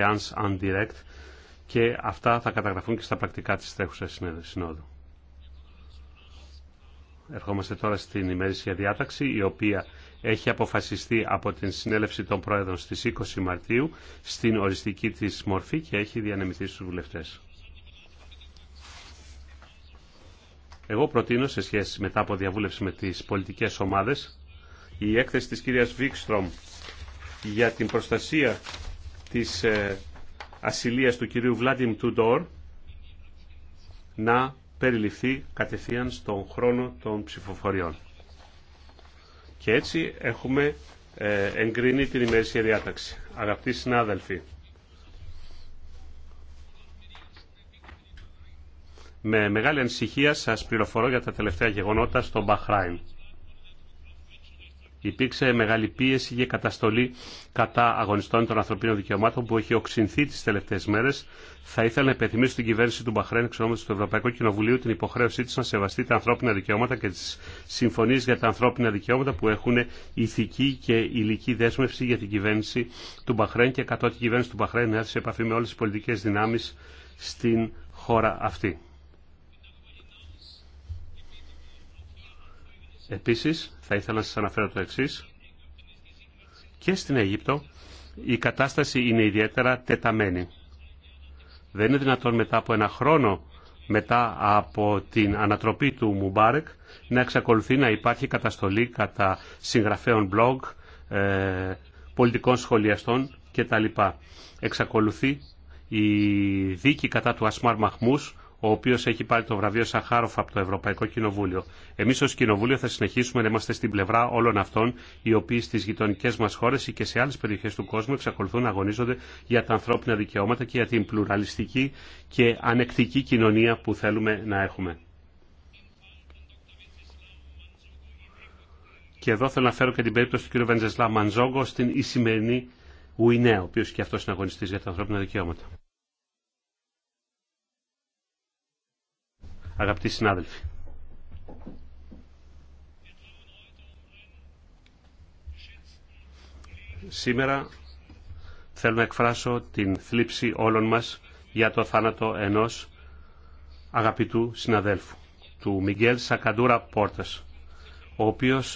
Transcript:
Alliance και αυτά θα καταγραφούν και στα πρακτικά της τρέχουσας συνόδου. Ερχόμαστε τώρα στην για διάταξη, η οποία έχει αποφασιστεί από την συνέλευση των Πρόεδρων στις 20 Μαρτίου στην οριστική της μορφή και έχει διανεμηθεί στους βουλευτές. Εγώ προτείνω σε σχέση μετά από διαβούλευση με τις πολιτικές ομάδες η έκθεση της κυρίας Βίξτρομ για την προστασία της ε, ασυλίας του κυρίου Βλάντιμ Τουντόρ να περιληφθεί κατευθείαν στον χρόνο των ψηφοφοριών. Και έτσι έχουμε ε, εγκρίνει την ημερήσια διάταξη. Αγαπητοί συνάδελφοι, με μεγάλη ανησυχία σας πληροφορώ για τα τελευταία γεγονότα στο Μπαχράιν υπήρξε μεγάλη πίεση για καταστολή κατά αγωνιστών των ανθρωπίνων δικαιωμάτων που έχει οξυνθεί τι τελευταίε μέρε. Θα ήθελα να υπενθυμίσω την κυβέρνηση του Μπαχρέν, εξονόμηση του Ευρωπαϊκού Κοινοβουλίου, την υποχρέωσή τη να σεβαστεί τα ανθρώπινα δικαιώματα και τι συμφωνίε για τα ανθρώπινα δικαιώματα που έχουν ηθική και υλική δέσμευση για την κυβέρνηση του Μπαχρέν και κατ' ό,τι η κυβέρνηση του Μπαχρέν να έρθει σε επαφή με όλε τι πολιτικέ δυνάμει στην χώρα αυτή. Επίσης, θα ήθελα να σας αναφέρω το εξής. Και στην Αίγυπτο η κατάσταση είναι ιδιαίτερα τεταμένη. Δεν είναι δυνατόν μετά από ένα χρόνο μετά από την ανατροπή του Μουμπάρεκ να εξακολουθεί να υπάρχει καταστολή κατά συγγραφέων blog, ε, πολιτικών σχολιαστών κτλ. Εξακολουθεί η δίκη κατά του Ασμάρ Μαχμούς ο οποίο έχει πάρει το βραβείο Σαχάροφ από το Ευρωπαϊκό Κοινοβούλιο. Εμεί ω Κοινοβούλιο θα συνεχίσουμε να είμαστε στην πλευρά όλων αυτών, οι οποίοι στι γειτονικέ μα χώρε ή και σε άλλε περιοχέ του κόσμου εξακολουθούν να αγωνίζονται για τα ανθρώπινα δικαιώματα και για την πλουραλιστική και ανεκτική κοινωνία που θέλουμε να έχουμε. Και εδώ θέλω να φέρω και την περίπτωση του κ. Βεντζεσλά Μανζόγκο στην Ισημερινή Ουινέα, ο οποίο και αυτό είναι αγωνιστή για τα ανθρώπινα δικαιώματα. αγαπητοί συνάδελφοι. Σήμερα θέλω να εκφράσω την θλίψη όλων μας για το θάνατο ενός αγαπητού συναδέλφου, του Μιγγέλ Σακαντούρα Πόρτας, ο οποίος